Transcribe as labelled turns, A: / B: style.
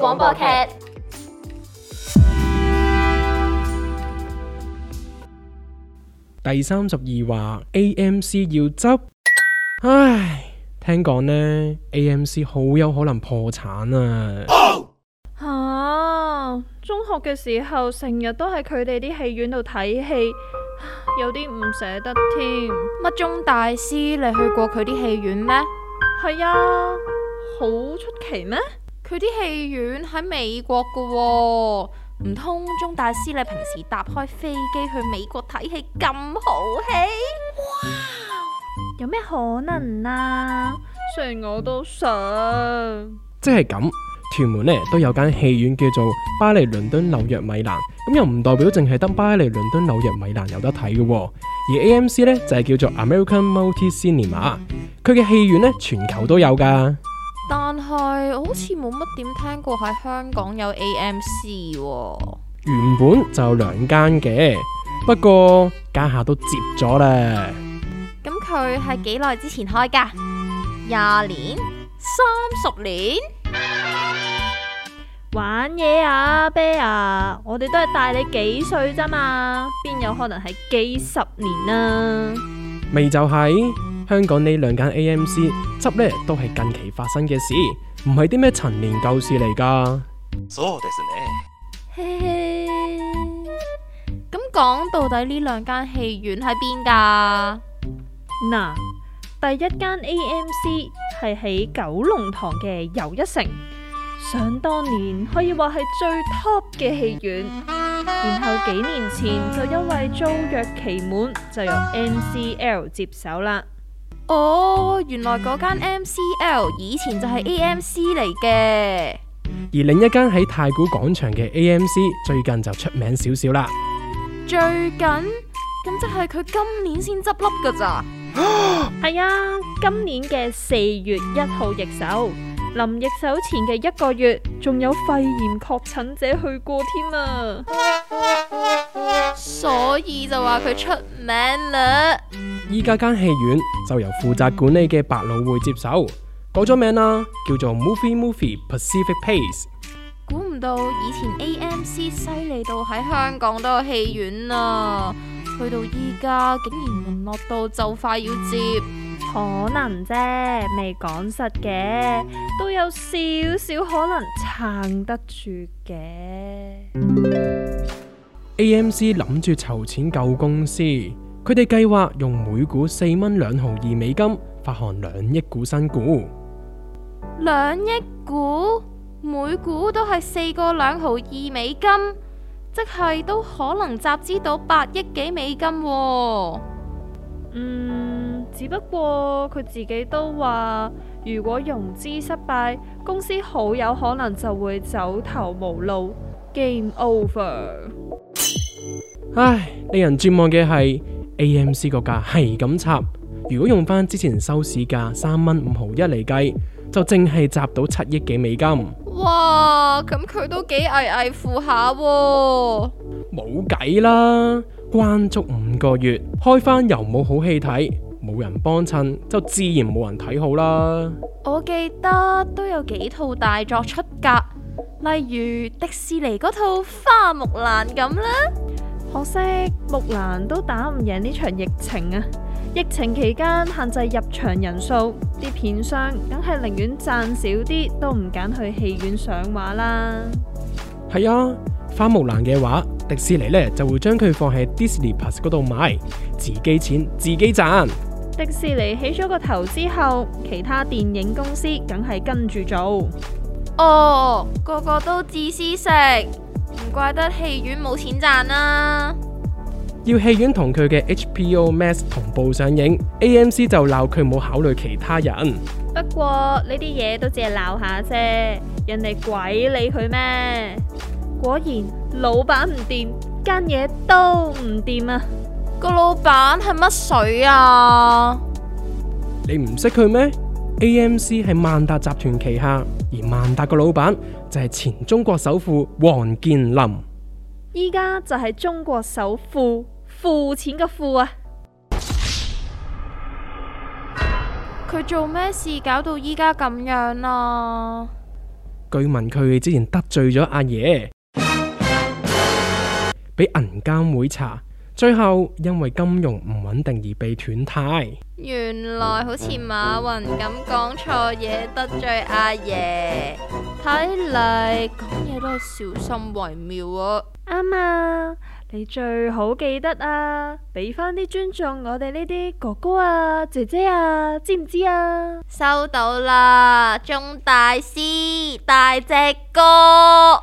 A: 廣
B: 播劇第三十二話，AMC 要執，唉，聽講呢 AMC 好有可能破產啊！吓、
A: oh! 啊，中學嘅時候成日都喺佢哋啲戲院度睇戲，有啲唔捨得添。乜鍾大師，你去過佢啲戲院咩？係啊，好出奇咩？佢啲戲院喺美國㗎喎、哦，唔通鍾大師你平時搭開飛機去美國睇戲咁豪氣？哇！有咩可能啊？雖然我都想，
B: 即係咁，屯門咧都有間戲院叫做巴黎、倫敦、紐約、米蘭，咁又唔代表淨係得巴黎、倫敦、紐約、米蘭有得睇㗎、哦。而 AMC 咧就係、是、叫做 American Multi Cinema，佢嘅戲院咧全球都有噶。
A: 好似冇乜點聽過喺香港有 AMC、啊、
B: 原本就兩間嘅，不過家下都接咗咧。
A: 咁佢係幾耐之前開噶？廿年、三十年？玩嘢啊啤牙我哋都係大你幾歲咋嘛？邊有可能係幾十年啊？
B: 未就係、是、香港呢兩間 AMC 執呢，都係近期發生嘅事。唔係啲咩陳年舊事嚟噶？嘿嘿，d o
A: 咁講到底呢兩間戲院喺邊噶？嗱，第一間 AMC 係喺九龍塘嘅又一城，想當年可以話係最 top 嘅戲院，然後幾年前就因為租約期滿，就由 MCL 接手啦。哦，原來嗰間 MCL 以前就係 AMC 嚟嘅。
B: 而另一間喺太古廣場嘅 AMC 最近就出名少少啦。
A: 最近？咁即係佢今年先執笠噶咋？係 啊，今年嘅四月一號易手，臨易手前嘅一個月仲有肺炎確診者去過添啊， 所以就話佢出名啦。
B: 依家間戲院就由負責管理嘅百老匯接手，改咗名啦，叫做 Movie Movie Pacific Place。
A: 估唔到以前 AMC 犀利到喺香港都有戲院啊，去到依家竟然淪落到就快要執。可能啫，未講實嘅，都有少少可能撐得住嘅。
B: AMC 諗住籌錢救公司。佢哋計劃用每股四蚊兩毫二美金發行兩億股新股，
A: 兩億股每股都係四個兩毫二美金，即係都可能集資到八億幾美金。嗯，只不過佢自己都話，如果融資失敗，公司好有可能就會走投無路，Game Over。
B: 唉，令人絕望嘅係。AMC 個價係咁插，如果用翻之前收市價三蚊五毫一嚟計，就淨係集到七億幾美金。
A: 哇，咁佢都幾危危負下喎、啊。
B: 冇計啦，關足五個月，開翻又冇好戲睇，冇人幫襯，就自然冇人睇好啦。
A: 我記得都有幾套大作出格，例如迪士尼嗰套花木蘭咁啦。可惜木蘭都打唔贏呢場疫情啊！疫情期間限制入場人數，啲片商梗係寧願賺少啲，都唔揀去戲院上畫啦。
B: 係啊，花木蘭嘅話，迪士尼呢就會將佢放喺 Disney Plus 嗰度買，自己錢自己賺。
A: 迪士尼起咗個頭之後，其他電影公司梗係跟住做。哦，個個都自私食。怪得戲院冇錢賺啦！
B: 要戲院同佢嘅 HBO Max 同步上映，AMC 就鬧佢冇考慮其他人。
A: 不過呢啲嘢都只係鬧下啫，人哋鬼理佢咩？果然老闆唔掂，間嘢都唔掂啊！個老闆係乜水啊？
B: 你唔識佢咩？AMC 係萬達集團旗下，而萬達個老闆就係前中國首富王健林，
A: 依家就係中國首富，付錢嘅付啊！佢做咩事搞到依家咁樣啊？
B: 據聞佢之前得罪咗阿爺，俾銀監會查。最後因為金融唔穩定而被斷貸。
A: 原來好似馬雲咁講錯嘢，得罪阿爺，睇嚟，講嘢都係小心為妙啊！啱啊，你最好記得啊，俾翻啲尊重我哋呢啲哥哥啊、姐姐啊，知唔知啊？收到啦，鍾大師大隻哥。